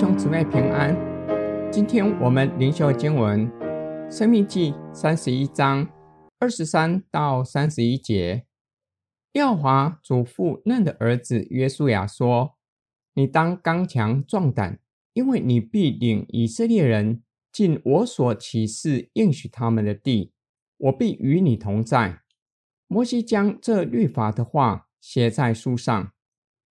兄姊妹平安，今天我們靈修經文《申命記》三十一章二十三到三十一節，耶和華囑咐嫩的兒子約書亞說：“你當剛強壯膽，因為你必領以色列人進我所起誓應許他們的地，我必與你同在。”摩西將這律法的話寫在書上，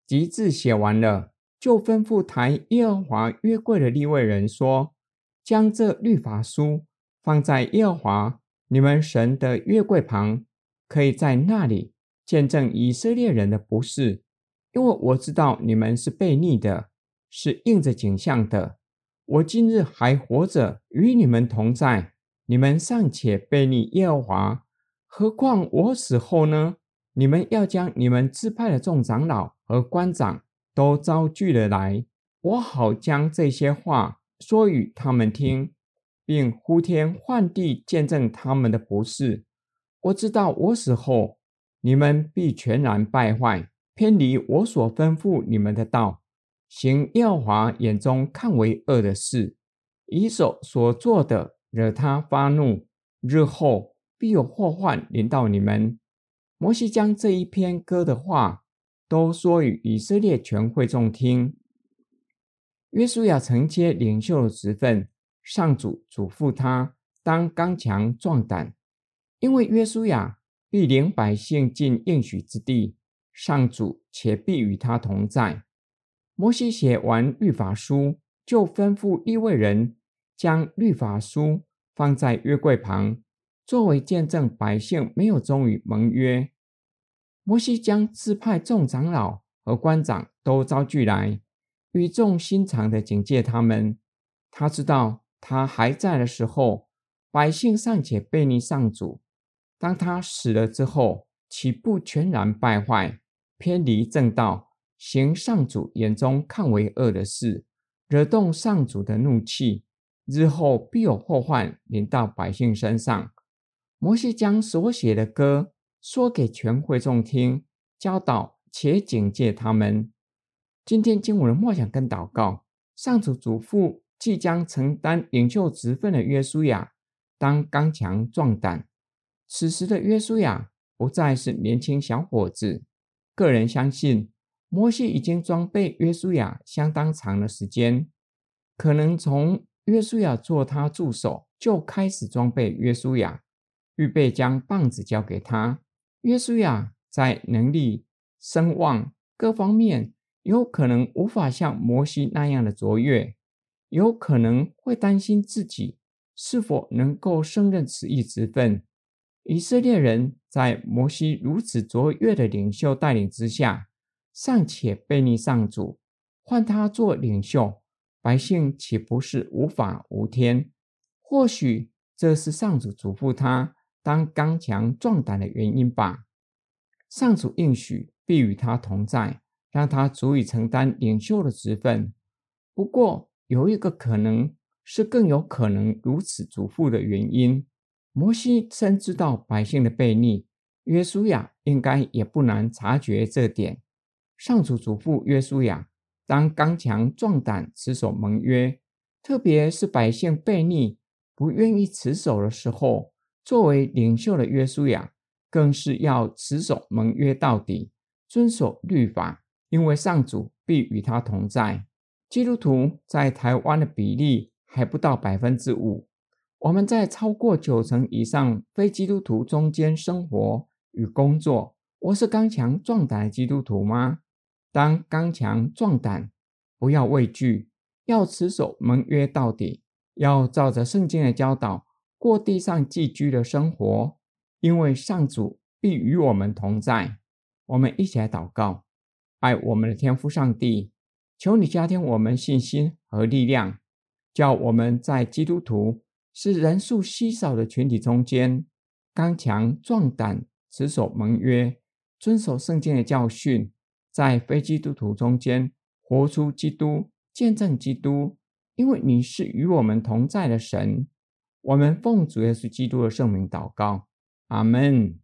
及至寫完了。就吩咐抬耶和華約櫃的利未人說：“將這律法書放在耶和華你們神的約櫃旁，可以在那裡見證以色列人的不是。因為我知道你們是悖逆的，是硬著頸項的。我今日還活着與你們同在，你們尚且悖逆耶和華，何況我死後呢？你們要將你們支派的眾長老和官長。”都招聚了來，我好將這些話說與他們聽，並呼天喚地見證他們的不是。我知道我死後，你們必全然敗壞，偏離我所吩咐你們的道，行耶和華眼中看為惡的事，以手所做的惹他發怒，日後必有禍患臨到你們。摩西將這一篇歌的話。都說與以色列全會眾聽。約書亞承接領袖的職份，上主囑咐他，當剛強壯膽，因為約書亞必領百姓進應許之地，上主且必與他同在。摩西寫完律法書，就吩咐利未人將律法書放在約櫃旁，作為見證百姓沒有忠於盟約。摩西將支派眾長老和官長都招聚來，語重心長地警誡他們。他知道他還在的時候，百姓尚且悖逆上主；當他死了之後，豈不全然敗壞，偏離正道，行上主眼中看為惡的事，惹動上主的怒氣，日後必有禍患臨到百姓身上。摩西將所寫的歌。說給全會眾聽，教導且警戒他們。今天今晚的默想跟禱告，上主囑咐即將承擔領袖職分的約書亞，當剛強壯膽。此時的約書亞不再是年輕小伙子。個人相信，摩西已經裝備約書亞相當長的時間，可能從約書亞做他助手就開始裝備約書亞，預備將棒子交給他。約書亞在能力、聲望各方面，有可能無法像摩西那樣的卓越，有可能會擔心自己是否能夠勝任此一職分。以色列人在摩西如此卓越的領袖帶領之下，尚且背逆上主，換他做領袖，百姓豈不是無法無天？或許這是上主囑咐他，當剛強壯膽的原因吧！上主應許必與他同在，讓他足以承擔領袖的職份。不過，有一個可能是更有可能如此囑咐的原因：摩西深知道百姓的背逆，約書亞應該也不難察覺這點。上主囑咐約書亞，當剛強壯膽，持守盟約，特別是百姓背逆，不願意持守的時候。作為領袖的約書亞，更是要持守盟約到底，遵守律法，因為上主必與他同在。基督徒在台灣的比例還不到百分之五，我們在超過九成以上非基督徒中間生活與工作，我是剛強壯膽的基督徒嗎？當剛強壯膽，不要畏懼，要持守盟約到底，要照着聖經的教導。過地上寄居的生活，因為上主必與我們同在。我們一起來禱告，愛我們的天父上帝，求你加添我們信心和力量，叫我們在基督徒是人數稀少的群體中間，剛強壯膽，持守盟約，遵守聖經的教訓，在非基督徒中間活出基督，見證基督。因為你是與我們同在的神。我們奉主耶穌基督的聖名禱告，阿門。